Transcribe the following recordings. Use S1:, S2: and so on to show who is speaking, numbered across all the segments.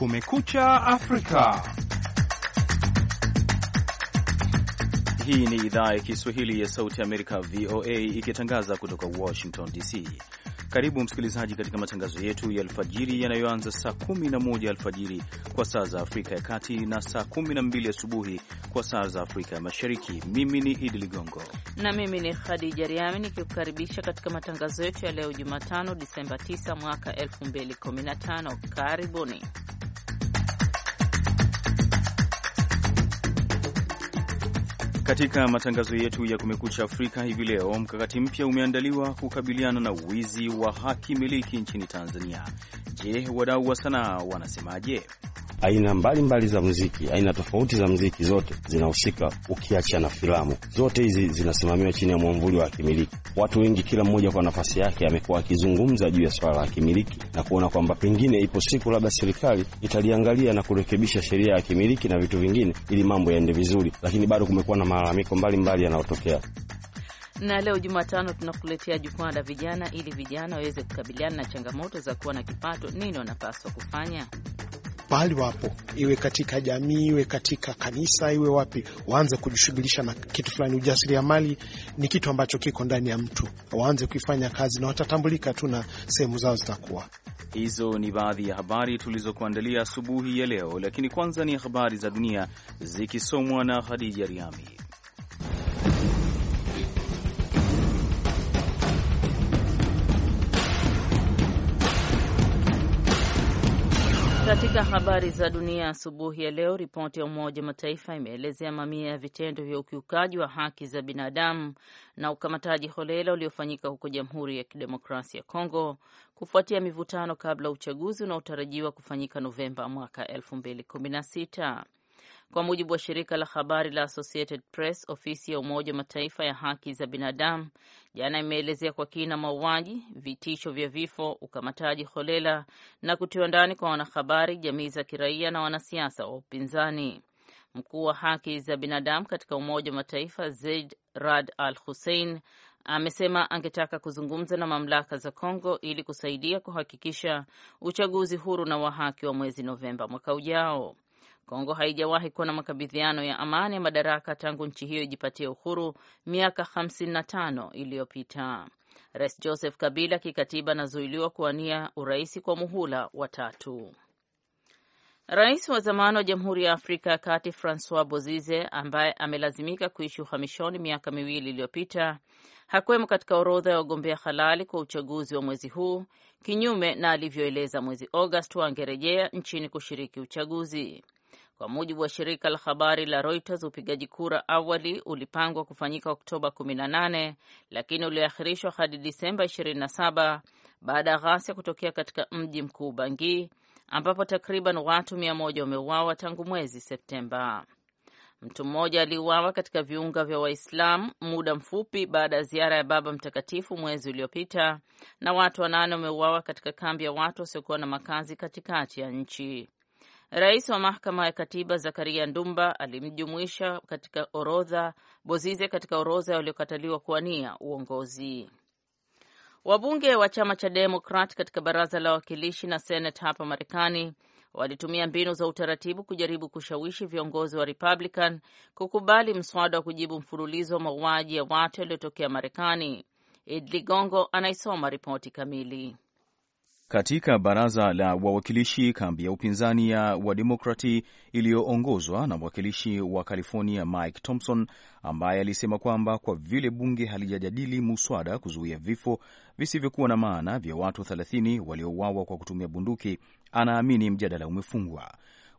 S1: Kumekucha Afrika. Hii ni idhaa ya Kiswahili ya Sauti ya Amerika, VOA, ikitangaza kutoka Washington DC. Karibu msikilizaji, katika matangazo yetu ya alfajiri yanayoanza saa 11 alfajiri kwa saa za Afrika ya Kati na saa 12 asubuhi kwa saa za Afrika ya Mashariki. Mimi ni Idi Ligongo
S2: na mimi ni Khadija Riami nikikukaribisha katika matangazo yetu ya leo Jumatano, Disemba 9 mwaka 2015. Karibuni.
S1: Katika matangazo yetu ya Kumekucha Afrika hivi leo, mkakati mpya umeandaliwa kukabiliana na uwizi wa haki miliki nchini Tanzania. Je, wadau wa sanaa wanasemaje?
S3: aina mbalimbali za muziki, aina tofauti za muziki zote zinahusika, ukiacha na filamu. Zote hizi zinasimamiwa chini ya mwamvuli wa akimiliki. Watu wengi, kila mmoja kwa nafasi yake, amekuwa akizungumza juu ya swala la akimiliki na kuona kwamba pengine ipo siku labda serikali italiangalia na kurekebisha sheria ya akimiliki na vitu vingine, ili mambo yaende vizuri, lakini bado kumekuwa na malalamiko mbalimbali yanayotokea
S2: na leo Jumatano tunakuletea jukwaa la vijana ili vijana waweze kukabiliana na changamoto za kuwa na kipato. Nini wanapaswa kufanya?
S4: pahali wapo, iwe katika jamii, iwe katika kanisa, iwe wapi, waanze kujishughulisha na kitu fulani. Ujasiriamali ni kitu ambacho kiko ndani ya mtu, waanze kuifanya kazi na watatambulika tu na sehemu zao zitakuwa
S1: hizo. Ni baadhi ya habari tulizokuandalia asubuhi ya leo, lakini kwanza ni habari za dunia zikisomwa na Hadija Riami.
S2: Katika habari za dunia asubuhi ya leo, ripoti ya Umoja Mataifa imeelezea mamia ya vitendo vya ukiukaji wa haki za binadamu na ukamataji holela uliofanyika huko Jamhuri ya Kidemokrasia ya Kongo kufuatia mivutano kabla uchaguzi unaotarajiwa kufanyika Novemba mwaka 2016. Kwa mujibu wa shirika la habari la Associated Press, ofisi ya Umoja wa Mataifa ya haki za binadamu Jana imeelezea kwa kina mauaji, vitisho vya vifo, ukamataji holela na kutiwa ndani kwa wanahabari, jamii za kiraia na wanasiasa wa upinzani. Mkuu wa haki za binadamu katika Umoja wa Mataifa Zeid Rad Al Hussein amesema angetaka kuzungumza na mamlaka za Kongo ili kusaidia kuhakikisha uchaguzi huru na wa haki wa mwezi Novemba mwaka ujao. Kongo haijawahi kuwa na makabidhiano ya amani ya madaraka tangu nchi hiyo ijipatie uhuru miaka 55 iliyopita. Rais Joseph Kabila kikatiba anazuiliwa kuwania urais kwa muhula wa tatu. Rais wa zamani wa Jamhuri ya Afrika ya Kati Francois Bozize ambaye amelazimika kuishi uhamishoni miaka miwili iliyopita hakuwemo katika orodha ya wagombea halali kwa uchaguzi wa mwezi huu, kinyume na alivyoeleza mwezi Agosti wangerejea nchini kushiriki uchaguzi. Kwa mujibu wa shirika la habari la Reuters, upigaji kura awali ulipangwa kufanyika Oktoba 18 lakini uliahirishwa hadi Disemba 27 baada ya ghasia kutokea katika mji mkuu bangi ambapo takriban watu 100 wameuawa tangu mwezi Septemba. Mtu mmoja aliuawa katika viunga vya Waislamu muda mfupi baada ya ziara ya Baba Mtakatifu mwezi uliopita, na watu wanane wameuawa katika kambi ya watu wasiokuwa na makazi katikati ya nchi. Rais wa mahakama ya katiba Zakaria Ndumba alimjumuisha katika orodha Bozize katika orodha waliokataliwa kuwania uongozi. Wabunge wa chama cha Demokrat katika baraza la wawakilishi na Senate hapa Marekani walitumia mbinu za utaratibu kujaribu kushawishi viongozi wa Republican kukubali mswada wa kujibu mfululizo wa mauaji ya watu yaliyotokea Marekani. Id gongo anaisoma ripoti kamili
S1: katika baraza la wawakilishi, kambi ya upinzani ya Wademokrati iliyoongozwa na mwakilishi wa California Mike Thompson, ambaye alisema kwamba kwa vile bunge halijajadili muswada kuzuia vifo visivyokuwa na maana vya watu 30 waliouawa kwa kutumia bunduki, anaamini mjadala umefungwa.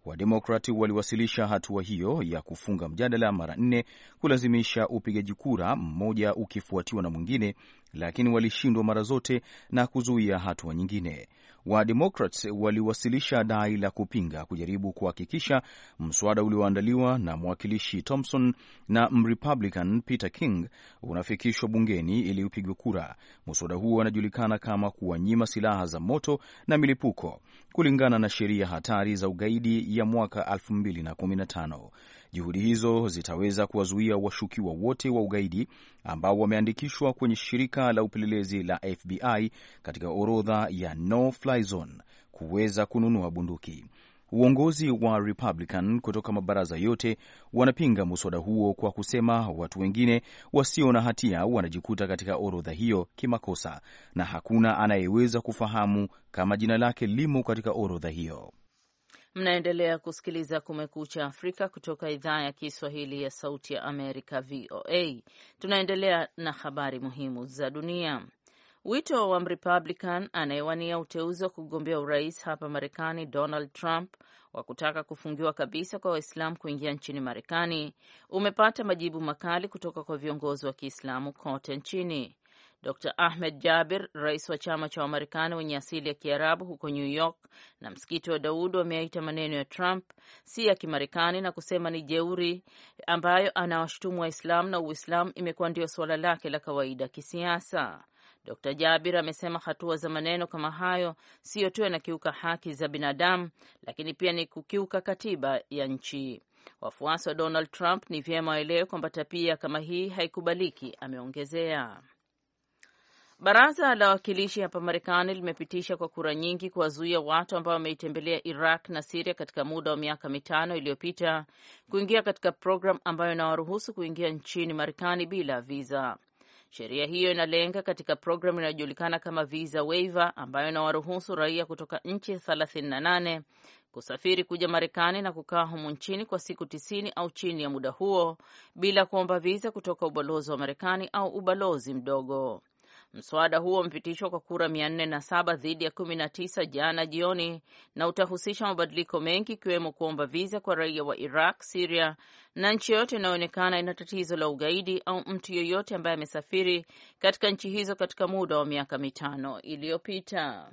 S1: Wademokrati waliwasilisha hatua hiyo ya kufunga mjadala mara nne, kulazimisha upigaji kura mmoja ukifuatiwa na mwingine lakini walishindwa mara zote na kuzuia hatua nyingine. Wademokrats waliwasilisha dai la kupinga kujaribu kuhakikisha mswada ulioandaliwa na mwakilishi Thompson na Mrepublican Peter King unafikishwa bungeni ili upigwe kura. Mswada huo unajulikana kama kuwanyima silaha za moto na milipuko kulingana na sheria hatari za ugaidi ya mwaka 2015. Juhudi hizo zitaweza kuwazuia washukiwa wote wa ugaidi ambao wameandikishwa kwenye shirika la upelelezi la FBI katika orodha ya no fly zone kuweza kununua bunduki. Uongozi wa Republican kutoka mabaraza yote wanapinga muswada huo kwa kusema watu wengine wasio na hatia wanajikuta katika orodha hiyo kimakosa na hakuna anayeweza kufahamu kama jina lake limo katika orodha hiyo.
S2: Mnaendelea kusikiliza Kumekucha Afrika kutoka idhaa ya Kiswahili ya Sauti ya Amerika, VOA. Tunaendelea na habari muhimu za dunia. Wito wa Mrepublican anayewania uteuzi wa kugombea urais hapa Marekani, Donald Trump, wa kutaka kufungiwa kabisa kwa Waislamu kuingia nchini Marekani umepata majibu makali kutoka kwa viongozi wa Kiislamu kote nchini. Dr Ahmed Jabir, rais wa chama cha Wamarekani wenye asili ya Kiarabu huko New York, na msikiti wa Daud wameaita maneno ya Trump si ya Kimarekani na kusema ni jeuri ambayo anawashutumu Waislamu na Uislamu imekuwa ndio suala lake la kawaida kisiasa. Dr Jabir amesema hatua za maneno kama hayo siyo tu yanakiuka haki za binadamu, lakini pia ni kukiuka katiba ya nchi. Wafuasi wa Donald Trump ni vyema waelewe kwamba tabia kama hii haikubaliki, ameongezea. Baraza la Wawakilishi hapa Marekani limepitisha kwa kura nyingi kuwazuia watu ambao wameitembelea Iraq na Siria katika muda wa miaka mitano iliyopita kuingia katika programu ambayo inawaruhusu kuingia nchini Marekani bila viza. Sheria hiyo inalenga katika programu inayojulikana kama visa waiver ambayo inawaruhusu raia kutoka nchi 38 kusafiri kuja Marekani na kukaa humu nchini kwa siku tisini au chini ya muda huo bila kuomba viza kutoka ubalozi wa Marekani au ubalozi mdogo. Mswada huo umepitishwa kwa kura mia nne na saba dhidi ya kumi na tisa jana jioni na utahusisha mabadiliko mengi ikiwemo kuomba viza kwa raia wa Iraq, Siria na nchi yoyote inayoonekana ina tatizo la ugaidi au mtu yeyote ambaye amesafiri katika nchi hizo katika muda wa miaka mitano iliyopita.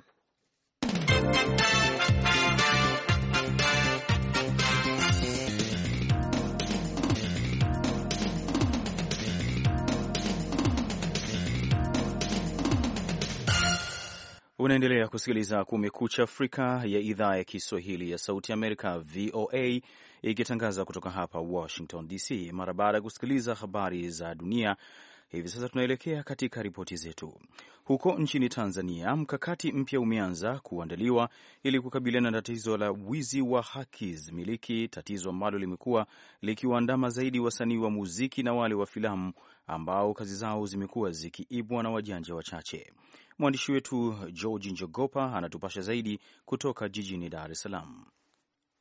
S1: Unaendelea kusikiliza Kumekucha Afrika ya idhaa ya Kiswahili ya Sauti Amerika, VOA, ikitangaza kutoka hapa Washington DC. Mara baada ya kusikiliza habari za dunia, Hivi sasa tunaelekea katika ripoti zetu. Huko nchini Tanzania, mkakati mpya umeanza kuandaliwa ili kukabiliana na tatizo la wizi wa haki miliki, tatizo ambalo limekuwa likiwaandama zaidi wasanii wa muziki na wale wa filamu ambao kazi zao zimekuwa zikiibwa na wajanja wachache. Mwandishi wetu Georgi Njogopa anatupasha zaidi kutoka jijini Dar es Salaam.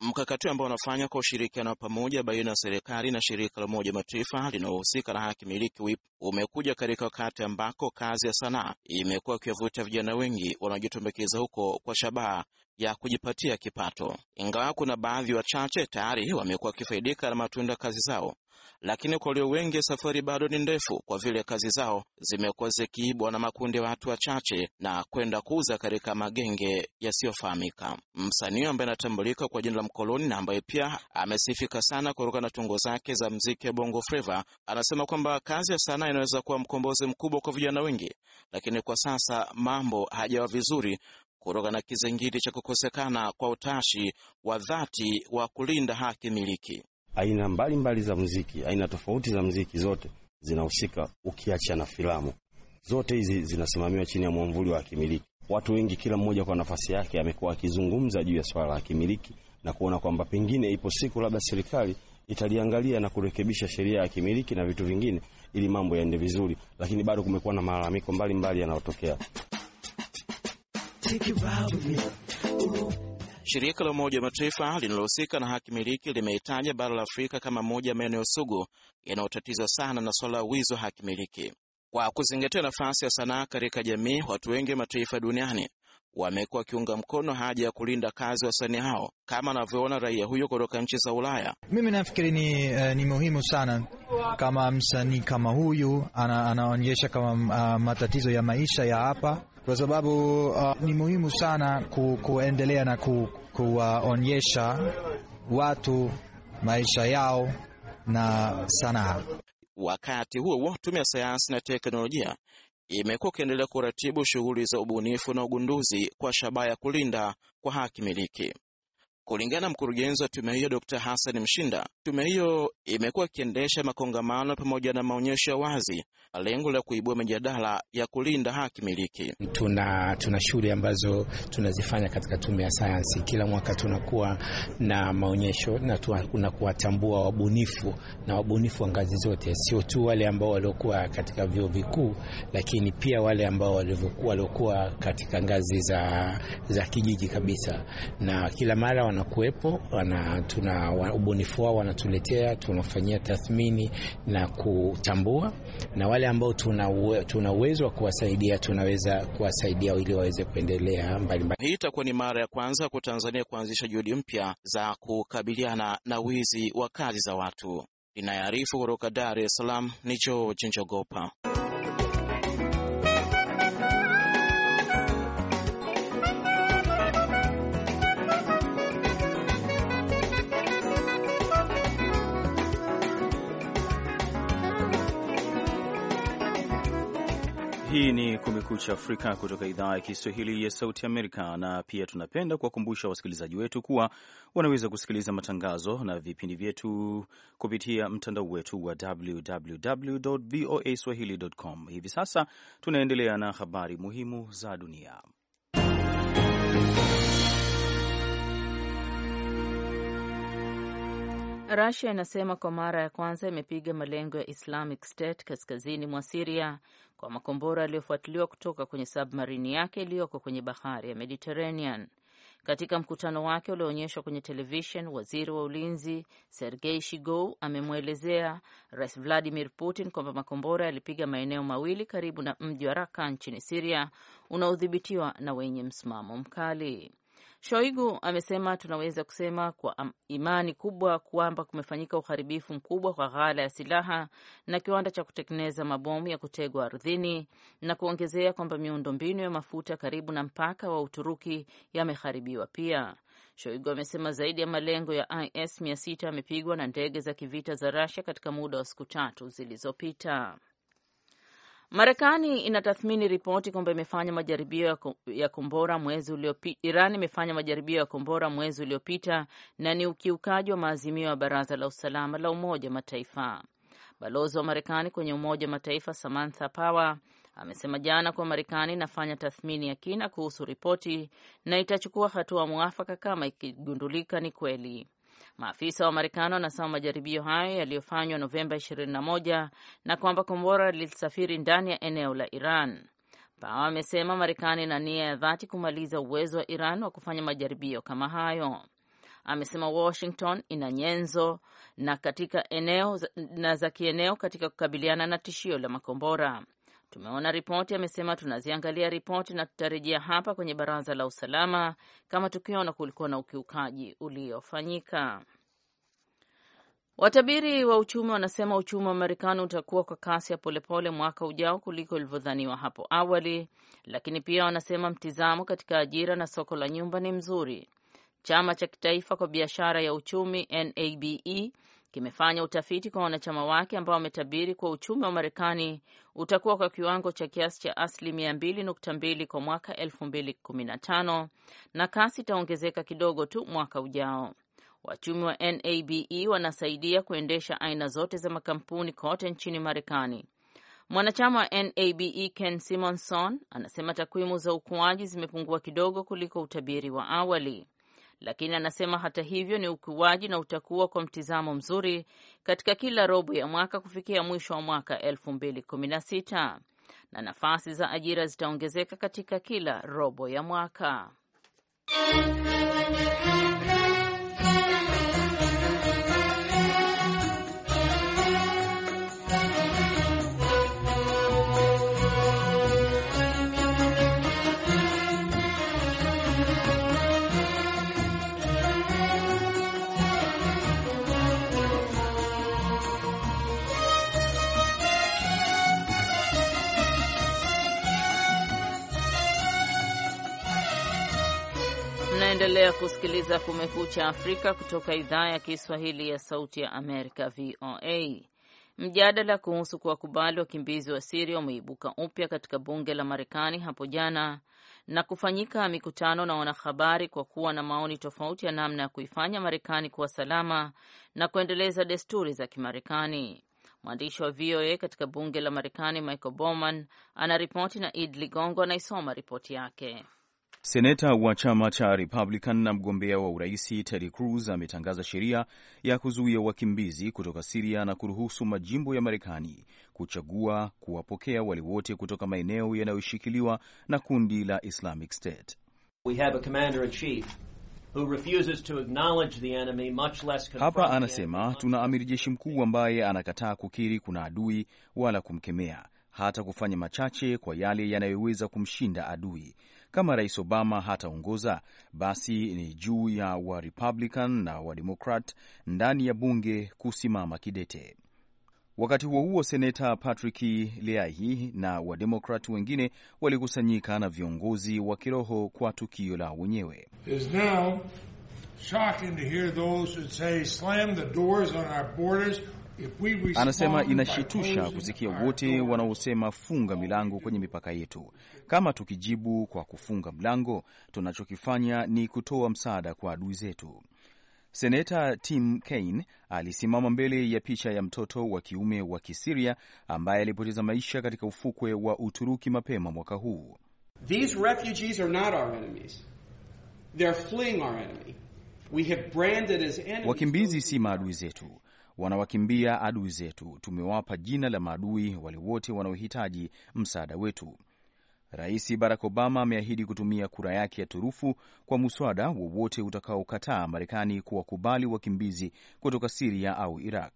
S1: Mkakati ambao unafanya kwa ushirikiano wa pamoja
S5: baina ya serikali na shirika la Umoja Mataifa linalohusika na haki miliki WIP umekuja katika wakati ambako kazi ya sanaa imekuwa ikiwavuta vijana wengi wanaojitumbukiza huko kwa shabaha ya kujipatia kipato. Ingawa kuna baadhi wachache tayari wamekuwa wakifaidika na matunda kazi zao, lakini kwa walio wengi safari bado ni ndefu, kwa vile kazi zao zimekuwa zikiibwa na makundi ya watu wachache na kwenda kuuza katika magenge yasiyofahamika. Msanii ambaye anatambulika kwa jina la Mkoloni na ambaye pia amesifika sana kutokana na tungo zake za mziki ya bongo freva anasema kwamba kazi ya sanaa inaweza kuwa mkombozi mkubwa kwa vijana wengi, lakini kwa sasa mambo hajawa vizuri kutoka na kizingiti cha kukosekana kwa utashi wa dhati wa kulinda haki miliki.
S3: Aina mbalimbali za mziki aina tofauti za mziki zote zinahusika, ukiacha na filamu. Zote hizi zinasimamiwa chini ya mwamvuli wa hakimiliki. Watu wengi, kila mmoja kwa nafasi yake, amekuwa akizungumza juu ya swala la hakimiliki na kuona kwamba pengine ipo siku labda serikali italiangalia na kurekebisha sheria ya kimiliki na vitu vingine ili mambo yaende vizuri, lakini bado kumekuwa na malalamiko mbalimbali yanayotokea.
S5: Shirika la Umoja wa Mataifa linalohusika na haki miliki limeitaja bara la Afrika kama moja ya maeneo sugu yanayotatizwa sana na suala la wizi wa haki miliki. Kwa kuzingatia nafasi ya sanaa katika jamii, watu wengi wa mataifa duniani wamekuwa wakiunga mkono haja ya kulinda kazi wasanii hao, kama anavyoona raia huyo kutoka nchi za Ulaya.
S1: Mimi nafikiri ni, uh, ni muhimu sana kama msanii kama huyu ana, anaonyesha kama uh, matatizo ya maisha ya hapa kwa sababu uh, ni muhimu sana ku, kuendelea na kuwaonyesha ku, kuwaonyesha watu maisha yao na sanaa.
S5: Wakati huo huo, tume ya sayansi na teknolojia imekuwa ikiendelea kuratibu shughuli za ubunifu na ugunduzi kwa shabaha ya kulinda kwa haki miliki. Kulingana na mkurugenzi wa tume hiyo Dr Hassan Mshinda, tume hiyo imekuwa ikiendesha makongamano pamoja na maonyesho ya wazi, lengo la kuibua mijadala ya kulinda haki miliki. Tuna, tuna shughuli ambazo tunazifanya katika tume ya sayansi. Kila mwaka tunakuwa na maonyesho na tuna kuwatambua wabunifu na wabunifu wa ngazi zote, sio tu wale ambao waliokuwa katika vyuo vikuu, lakini pia wale ambao waliokuwa katika ngazi za, za kijiji kabisa, na kila mara wanakuwepo wana, tuna ubunifu wao wanatuletea, tunafanyia tathmini na kutambua, na wale ambao tuna uwezo wa kuwasaidia tunaweza kuwasaidia ili waweze kuendelea mbalimbali. Hii itakuwa ni mara ya kwanza kwa Tanzania kuanzisha juhudi mpya za kukabiliana na wizi wa kazi za watu. Inayarifu kutoka Dar es Salaam ni George Njogopa.
S1: Hii ni Kumekucha Afrika kutoka idhaa ya Kiswahili ya Sauti Amerika, na pia tunapenda kuwakumbusha wasikilizaji wetu kuwa wanaweza kusikiliza matangazo na vipindi vyetu kupitia mtandao wetu wa www voa swahili.com. Hivi sasa tunaendelea na habari muhimu za dunia.
S2: rusia inasema kwa mara ya kwanza imepiga malengo ya Islamic State kaskazini mwa Siria kwa makombora yaliyofuatiliwa kutoka kwenye submarini yake iliyoko kwenye bahari ya Mediterranean. Katika mkutano wake ulioonyeshwa kwenye televishen, waziri wa ulinzi Sergei Shigou amemwelezea Rais Vladimir Putin kwamba makombora yalipiga maeneo mawili karibu na mji wa Raka nchini Siria unaodhibitiwa na wenye msimamo mkali. Shoigu amesema tunaweza kusema kwa imani kubwa kwamba kumefanyika uharibifu mkubwa kwa ghala ya silaha na kiwanda cha kutengeneza mabomu ya kutegwa ardhini, na kuongezea kwamba miundombinu ya mafuta karibu na mpaka wa Uturuki yameharibiwa pia. Shoigu amesema zaidi ya malengo ya IS 600 yamepigwa na ndege za kivita za Russia katika muda wa siku tatu zilizopita. Marekani inatathmini ripoti kwamba imefanya majaribio ya kombora mwezi uliopita. Iran imefanya majaribio ya kombora mwezi uliopita na ni ukiukaji wa maazimio ya Baraza la Usalama la Umoja Mataifa. Balozi wa Marekani kwenye Umoja wa Mataifa Samantha Power amesema jana kuwa Marekani inafanya tathmini ya kina kuhusu ripoti na itachukua hatua mwafaka kama ikigundulika ni kweli. Maafisa wa Marekani wanasema majaribio hayo yaliyofanywa Novemba 21 na kwamba kombora lilisafiri ndani ya eneo la Iran. Pawa amesema Marekani ina nia ya dhati kumaliza uwezo wa Iran wa kufanya majaribio kama hayo. Amesema Washington ina nyenzo na katika eneo na za kieneo katika kukabiliana na tishio la makombora. Tumeona ripoti, amesema. Tunaziangalia ripoti na tutarejea hapa kwenye baraza la usalama kama tukiona kulikuwa na ukiukaji uliofanyika. Watabiri wa uchumi wanasema uchumi wa Marekani utakuwa kwa kasi ya polepole mwaka ujao kuliko ilivyodhaniwa hapo awali, lakini pia wanasema mtizamo katika ajira na soko la nyumba ni mzuri. Chama cha kitaifa kwa biashara ya uchumi NABE kimefanya utafiti kwa wanachama wake ambao wametabiri kuwa uchumi wa Marekani utakuwa kwa kiwango cha kiasi cha asilimia 2.2 kwa mwaka 2015 na kasi itaongezeka kidogo tu mwaka ujao. Wachumi wa NABE wanasaidia kuendesha aina zote za makampuni kote nchini Marekani. Mwanachama wa NABE Ken Simonson anasema takwimu za ukuaji zimepungua kidogo kuliko utabiri wa awali lakini anasema hata hivyo ni ukiwaji na utakuwa kwa mtizamo mzuri katika kila robo ya mwaka kufikia mwisho wa mwaka 2016 na nafasi za ajira zitaongezeka katika kila robo ya mwaka. Unaendelea kusikiliza Kumekucha Afrika kutoka idhaa ya Kiswahili ya Sauti ya Amerika, VOA. Mjadala kuhusu kuwakubali wakimbizi wa Siria umeibuka upya katika bunge la Marekani hapo jana na kufanyika mikutano na wanahabari kwa kuwa na maoni tofauti ya namna ya kuifanya Marekani kuwa salama na kuendeleza desturi za Kimarekani. Mwandishi wa VOA katika bunge la Marekani Michael Bowman anaripoti na Id Ligongo anaisoma ripoti yake.
S1: Seneta wa chama cha Republican na mgombea wa uraisi Ted Cruz ametangaza sheria ya kuzuia wakimbizi kutoka Siria na kuruhusu majimbo ya Marekani kuchagua kuwapokea wale wote kutoka maeneo yanayoshikiliwa na kundi la Islamic State.
S6: We have a commander in chief who refuses to acknowledge the enemy, much less hapa
S1: anasema tuna amiri jeshi mkuu ambaye anakataa kukiri kuna adui wala kumkemea hata kufanya machache kwa yale yanayoweza kumshinda adui kama Rais Obama hataongoza, basi ni juu ya Warepublican na Wademokrat ndani ya bunge kusimama kidete. Wakati huo huo, seneta Patrick Leahy na Wademokrat wengine walikusanyika na viongozi wa kiroho kwa tukio la wenyewe. Anasema inashitusha kusikia wote wanaosema funga milango kwenye mipaka yetu. Kama tukijibu kwa kufunga mlango, tunachokifanya ni kutoa msaada kwa adui zetu. Seneta Tim Kaine alisimama mbele ya picha ya mtoto wa kiume wa Kisiria ambaye alipoteza maisha katika ufukwe wa Uturuki mapema mwaka huu.
S5: These refugees are not our enemies.
S1: They're
S2: fleeing our enemy. We have branded as enemies.
S1: Wakimbizi si maadui zetu wanawakimbia adui zetu, tumewapa jina la maadui wale wote wanaohitaji msaada wetu. Rais Barack Obama ameahidi kutumia kura yake ya turufu kwa muswada wowote utakaokataa Marekani kuwakubali wakimbizi kutoka Siria au Iraq.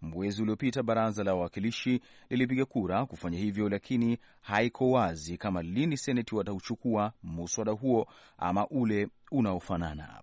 S1: Mwezi uliopita baraza la wawakilishi lilipiga kura kufanya hivyo, lakini haiko wazi kama lini seneti watauchukua muswada huo ama ule unaofanana.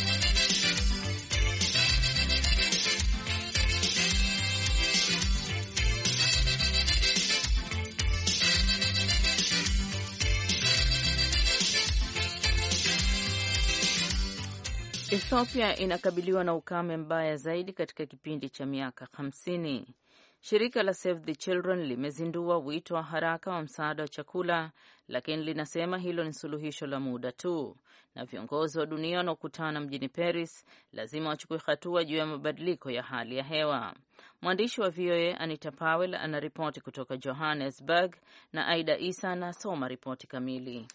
S2: Ethiopia inakabiliwa na ukame mbaya zaidi katika kipindi cha miaka 50 Shirika la Save the Children limezindua wito wa haraka wa msaada wa chakula, lakini linasema hilo ni suluhisho la muda tu, na viongozi wa dunia wanaokutana mjini Paris lazima wachukue hatua juu ya mabadiliko ya hali ya hewa. Mwandishi wa VOA Anita Powell anaripoti kutoka Johannesburg na Aida Isa anasoma ripoti kamili.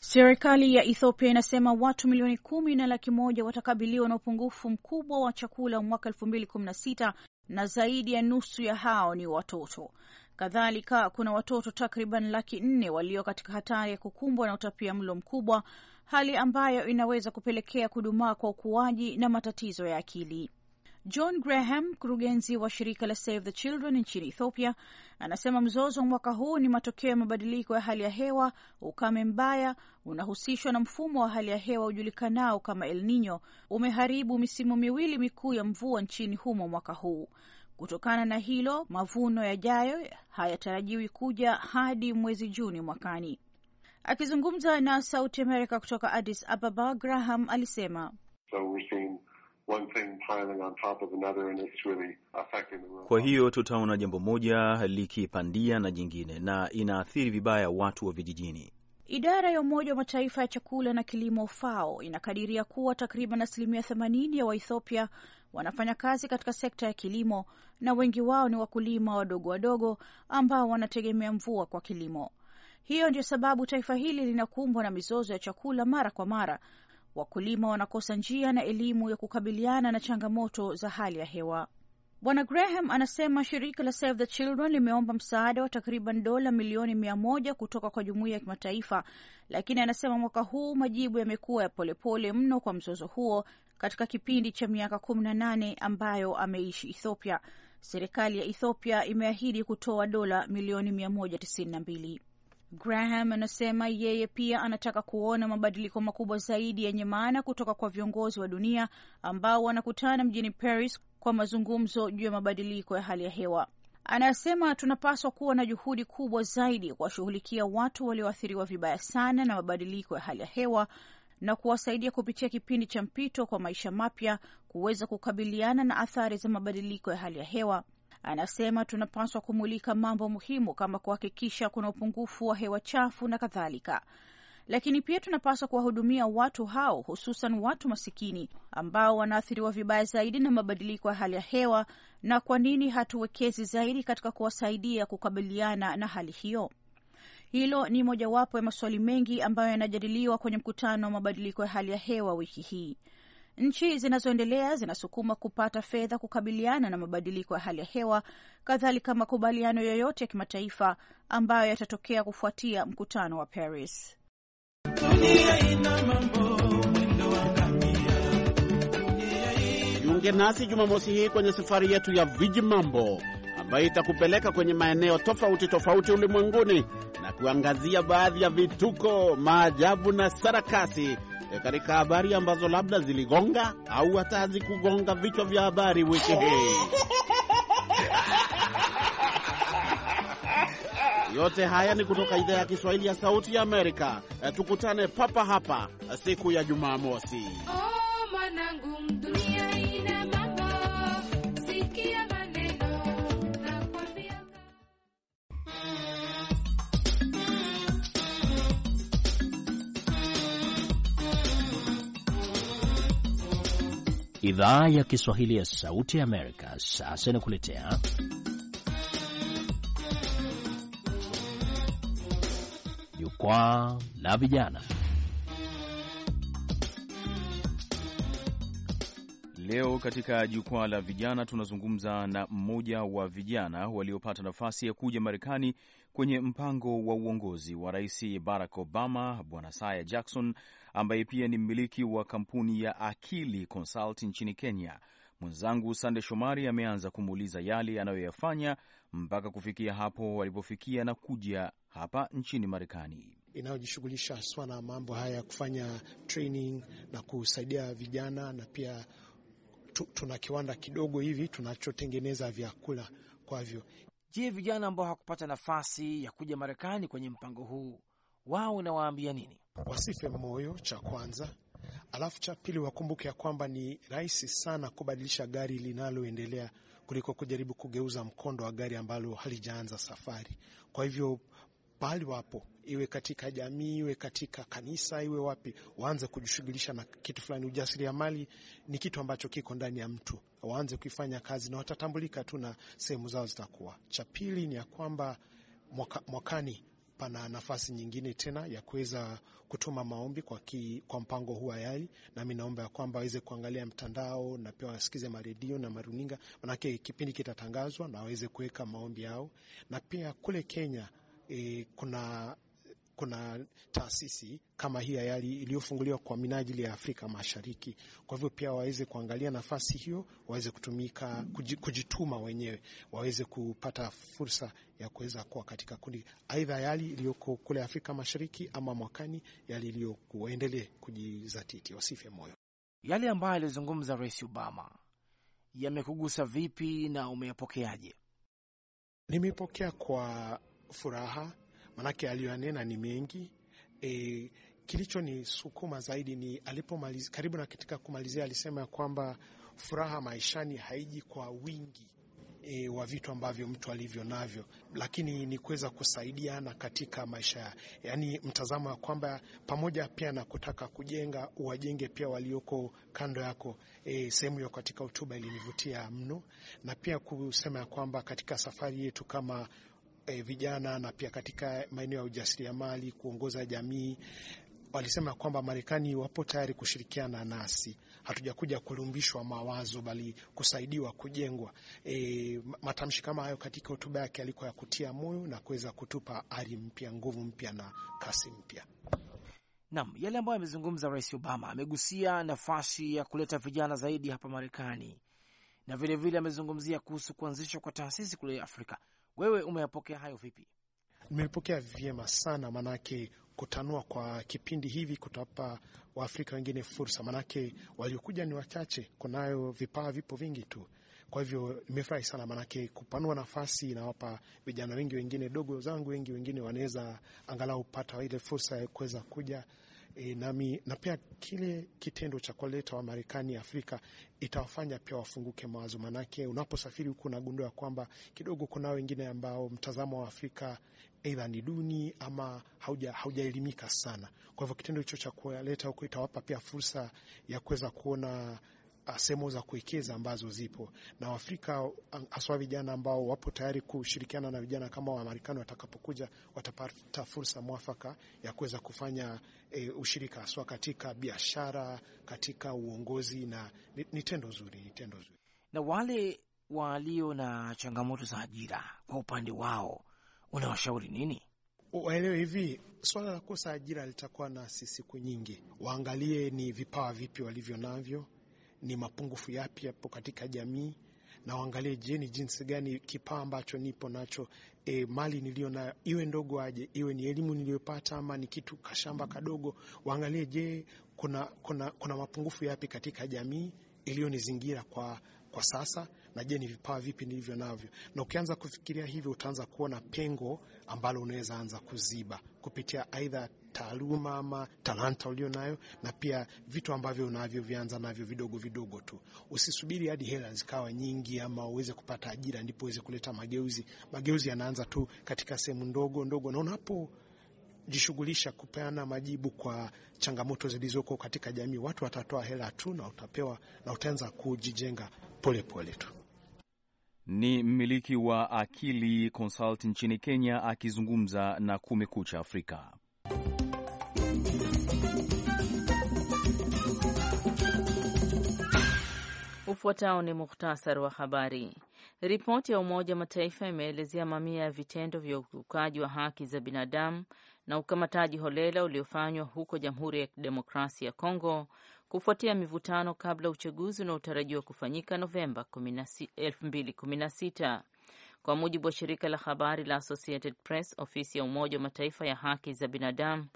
S6: Serikali ya Ethiopia inasema watu milioni kumi na laki moja watakabiliwa na upungufu mkubwa wa chakula mwaka elfu mbili kumi na sita na zaidi ya nusu ya hao ni watoto. Kadhalika, kuna watoto takriban laki nne walio katika hatari ya kukumbwa na utapia mlo mkubwa, hali ambayo inaweza kupelekea kudumaa kwa ukuaji na matatizo ya akili. John Graham, mkurugenzi wa shirika la Save the Children nchini Ethiopia, anasema mzozo wa mwaka huu ni matokeo ya mabadiliko ya hali ya hewa. Ukame mbaya unahusishwa na mfumo wa hali ya hewa ujulikanao kama El Nino umeharibu misimu miwili mikuu ya mvua nchini humo mwaka huu. Kutokana na hilo, mavuno yajayo hayatarajiwi kuja hadi mwezi Juni mwakani. Akizungumza na Sauti Amerika kutoka Addis Ababa, Graham alisema
S2: so
S1: kwa hiyo tutaona jambo moja likipandia na jingine, na inaathiri vibaya watu wa vijijini.
S6: Idara ya Umoja wa Mataifa ya chakula na kilimo FAO inakadiria kuwa takriban asilimia 80 ya Waethiopia wanafanya kazi katika sekta ya kilimo, na wengi wao ni wakulima wadogo wadogo ambao wanategemea mvua kwa kilimo. Hiyo ndio sababu taifa hili linakumbwa na mizozo ya chakula mara kwa mara, wakulima wanakosa njia na elimu ya kukabiliana na changamoto za hali ya hewa. Bwana Graham anasema shirika la Save the Children limeomba msaada wa takriban dola milioni mia moja kutoka kwa jumuiya ya kimataifa, lakini anasema mwaka huu majibu yamekuwa ya polepole pole mno kwa mzozo huo katika kipindi cha miaka kumi na nane ambayo ameishi Ethiopia. Serikali ya Ethiopia imeahidi kutoa dola milioni mbili Graham anasema yeye pia anataka kuona mabadiliko makubwa zaidi yenye maana kutoka kwa viongozi wa dunia ambao wanakutana mjini Paris kwa mazungumzo juu ya mabadiliko ya hali ya hewa. Anasema tunapaswa kuwa na juhudi kubwa zaidi kuwashughulikia watu walioathiriwa vibaya sana na mabadiliko ya hali ya hewa na kuwasaidia kupitia kipindi cha mpito kwa maisha mapya kuweza kukabiliana na athari za mabadiliko ya hali ya hewa Anasema tunapaswa kumulika mambo muhimu kama kuhakikisha kuna upungufu wa hewa chafu na kadhalika, lakini pia tunapaswa kuwahudumia watu hao, hususan watu masikini ambao wanaathiriwa vibaya zaidi na mabadiliko ya hali ya hewa. Na kwa nini hatuwekezi zaidi katika kuwasaidia kukabiliana na hali hiyo? Hilo ni mojawapo ya maswali mengi ambayo yanajadiliwa kwenye mkutano wa mabadiliko ya hali ya hewa wiki hii. Nchi zinazoendelea zinasukuma kupata fedha kukabiliana na mabadiliko ya hali ya hewa, kadhalika makubaliano yoyote ya kimataifa ambayo yatatokea kufuatia mkutano wa Paris.
S4: Jiunge nasi Jumamosi hii kwenye safari yetu ya viji mambo ambayo itakupeleka kwenye maeneo tofauti tofauti ulimwenguni na kuangazia baadhi ya vituko, maajabu na sarakasi e, katika habari ambazo labda ziligonga au hata hazikugonga vichwa vya habari wiki hii. Yote haya ni kutoka idhaa ya Kiswahili ya Sauti ya Amerika. E, tukutane papa hapa siku ya Jumamosi.
S6: Oh,
S1: Idhaa ya Kiswahili ya Sauti ya Amerika sasa inakuletea Jukwaa la Vijana. Leo katika Jukwaa la Vijana tunazungumza na mmoja wa vijana waliopata nafasi ya kuja Marekani kwenye mpango wa uongozi wa Rais Barack Obama. Bwana Saya Jackson ambaye pia ni mmiliki wa kampuni ya Akili Consult nchini Kenya. Mwenzangu Sande Shomari ameanza kumuuliza yale anayoyafanya mpaka kufikia hapo walipofikia na kuja hapa nchini Marekani
S4: inayojishughulisha haswa na mambo haya ya kufanya training na kusaidia vijana na pia tuna kiwanda kidogo hivi tunachotengeneza vyakula. Kwa hivyo
S5: Je, vijana ambao hawakupata nafasi ya kuja Marekani kwenye mpango huu,
S4: wao unawaambia nini? Wasife moyo, cha kwanza. Alafu cha pili, wakumbuke ya kwamba ni rahisi sana kubadilisha gari linaloendelea kuliko kujaribu kugeuza mkondo wa gari ambalo halijaanza safari. Kwa hivyo pahali wapo, iwe katika jamii, iwe katika kanisa, iwe wapi, waanze kujishughulisha na kitu fulani. Ujasiriamali ni kitu ambacho kiko ndani ya mtu, waanze kuifanya kazi na watatambulika tu na sehemu zao zitakuwa. Cha pili ni ya kwamba mwaka, mwakani pana nafasi nyingine tena ya kuweza kutuma maombi kwa, ki, kwa mpango huu ayali, nami naomba ya kwamba waweze kuangalia mtandao na pia wasikize maredio na maruninga, manake kipindi kitatangazwa na waweze kuweka maombi yao. Na pia kule Kenya e, kuna kuna taasisi kama hii yali iliyofunguliwa kwa minajili ya Afrika Mashariki. Kwa hivyo pia waweze kuangalia nafasi hiyo, waweze kutumika kujituma wenyewe, waweze kupata fursa ya kuweza kuwa katika kundi aidha yali iliyoko kule Afrika Mashariki ama mwakani yali iliyoku, waendelee kujizatiti, wasife moyo. Yale ambayo alizungumza Rais Obama yamekugusa vipi na umeyapokeaje? Nimepokea kwa furaha, manake aliyoyanena ni mengi e, kilicho ni sukuma zaidi ni alipomaliza, karibu na katika kumalizia, alisema ya kwamba furaha maishani haiji kwa wingi E, wa vitu ambavyo mtu alivyo navyo, lakini ni kuweza kusaidiana katika maisha, yaani mtazamo wa kwamba pamoja pia na kutaka kujenga uwajenge pia walioko kando yako. E, sehemu hiyo katika hotuba ilinivutia mno, na pia kusema ya kwamba katika safari yetu kama e, vijana na pia katika maeneo ya ujasiriamali, kuongoza jamii. Walisema kwamba Marekani wapo tayari kushirikiana nasi, hatujakuja kulumbishwa mawazo, bali kusaidiwa kujengwa. E, matamshi kama hayo katika hotuba yake alikuwa ya kutia moyo na kuweza kutupa ari mpya, nguvu mpya na kasi mpya.
S5: Naam, yale ambayo amezungumza Rais Obama amegusia nafasi ya kuleta vijana zaidi hapa Marekani, na vilevile amezungumzia kuhusu kuanzishwa kwa taasisi kule Afrika. Wewe umeyapokea hayo vipi?
S4: Nimepokea vyema sana, maanake kutanua kwa kipindi hivi kutapa Waafrika wengine fursa, maanake waliokuja ni wachache, kunayo vipaa vipo vingi tu. Kwa hivyo nimefurahi sana, maanake kupanua nafasi inawapa vijana wengi, wengine dogo zangu wengi, wengine wanaweza angalau pata ile fursa ya kuweza kuja e, nami na pia kile kitendo cha kuleta Wamarekani Afrika itawafanya pia wafunguke mawazo, manake unaposafiri huku unagundua kwamba kidogo kuna wengine ambao mtazamo wa Afrika aidha ni duni ama haujaelimika sana. Kwa hivyo kitendo hicho cha kuleta huko itawapa pia fursa ya kuweza kuona Uh, sehemu za kuwekeza ambazo zipo na Waafrika haswa vijana ambao wapo tayari kushirikiana na vijana kama Wamarekani watakapokuja, watapata fursa mwafaka ya kuweza kufanya e, ushirika haswa katika biashara, katika uongozi, na ni tendo zuri, ni tendo zuri.
S5: Na wale walio na changamoto za ajira, kwa upande wao unawashauri nini?
S4: Waelewe hivi swala la kosa ajira litakuwa nasi siku nyingi. Waangalie ni vipawa vipi walivyo navyo, ni mapungufu yapi yapo katika jamii, na waangalie, je, ni jinsi gani kipaa ambacho nipo nacho e, mali niliyo nayo iwe ndogo aje, iwe ni elimu niliyopata ama ni kitu kashamba kadogo, waangalie, je, kuna, kuna, kuna mapungufu yapi katika jamii iliyonizingira kwa, kwa sasa na je, ni vipawa vipi nilivyo navyo? Na ukianza kufikiria hivyo, utaanza kuona pengo ambalo unaweza anza kuziba kupitia aidha taaluma ama talanta ulio nayo, na pia vitu ambavyo unavyo vianza navyo vidogo vidogo tu. Usisubiri hadi hela zikawa nyingi ama uweze kupata ajira ndipo uweze kuleta mageuzi. Mageuzi yanaanza tu katika sehemu ndogo ndogo, na unapo jishughulisha kupeana majibu kwa changamoto zilizoko katika jamii, watu watatoa hela tu na utapewa, na utaanza kujijenga polepole pole tu
S1: ni mmiliki wa Akili Consult nchini Kenya, akizungumza na Kumekucha Afrika.
S2: Ufuatao ni muhtasari wa habari. Ripoti ya Umoja wa Mataifa imeelezea mamia ya vitendo vya ukiukaji wa haki za binadamu na ukamataji holela uliofanywa huko Jamhuri ya Kidemokrasia ya Kongo kufuatia mivutano kabla uchaguzi unaotarajiwa kufanyika Novemba 2016. Kwa mujibu wa shirika la habari la Associated Press, ofisi ya Umoja wa Mataifa ya haki za binadamu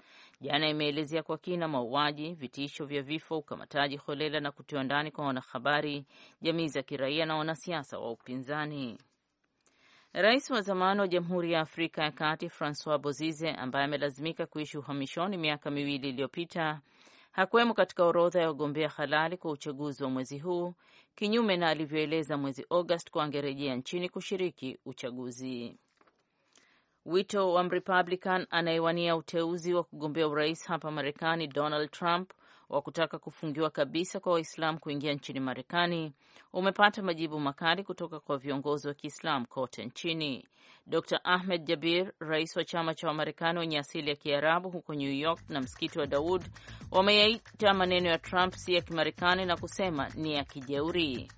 S2: jana imeelezea kwa kina mauaji, vitisho vya vifo, ukamataji holela na kutiwa ndani kwa wanahabari, jamii za kiraia na wanasiasa wa upinzani. Rais wa zamani wa Jamhuri ya Afrika ya Kati Francois Bozize, ambaye amelazimika kuishi uhamishoni miaka miwili iliyopita, hakuwemo katika orodha ya wagombea halali kwa uchaguzi wa mwezi huu, kinyume na alivyoeleza mwezi Agosti kuwa angerejea nchini kushiriki uchaguzi. Wito wa Mrepublican anayewania uteuzi wa kugombea urais hapa Marekani, Donald Trump wa kutaka kufungiwa kabisa kwa Waislamu kuingia nchini Marekani umepata majibu makali kutoka kwa viongozi wa Kiislamu kote nchini. Dr Ahmed Jabir, rais wa chama cha Wamarekani wenye asili ya Kiarabu huko New York, na msikiti wa Daud wameyaita maneno ya Trump si ya Kimarekani na kusema ni ya kijeuri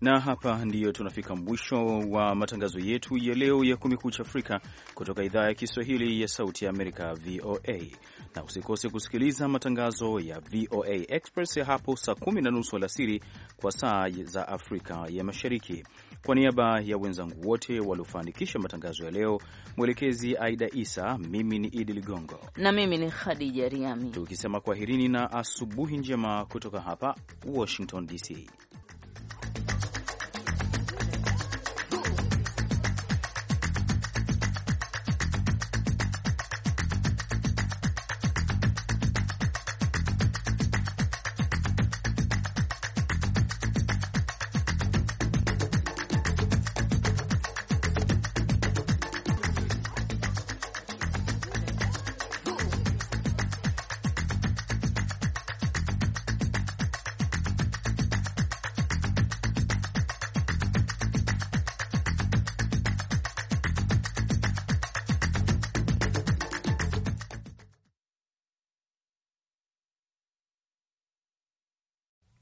S1: na hapa ndiyo tunafika mwisho wa matangazo yetu ya leo ya Kumekucha Afrika kutoka idhaa ya Kiswahili ya Sauti ya Amerika, VOA. Na usikose kusikiliza matangazo ya VOA Express ya hapo saa kumi na nusu alasiri kwa saa za Afrika ya Mashariki. Kwa niaba ya wenzangu wote waliofanikisha matangazo ya leo, mwelekezi Aida Isa, mimi ni Idi Ligongo
S2: na mimi ni Khadija Riami,
S1: tukisema kwaherini na asubuhi njema kutoka hapa Washington DC.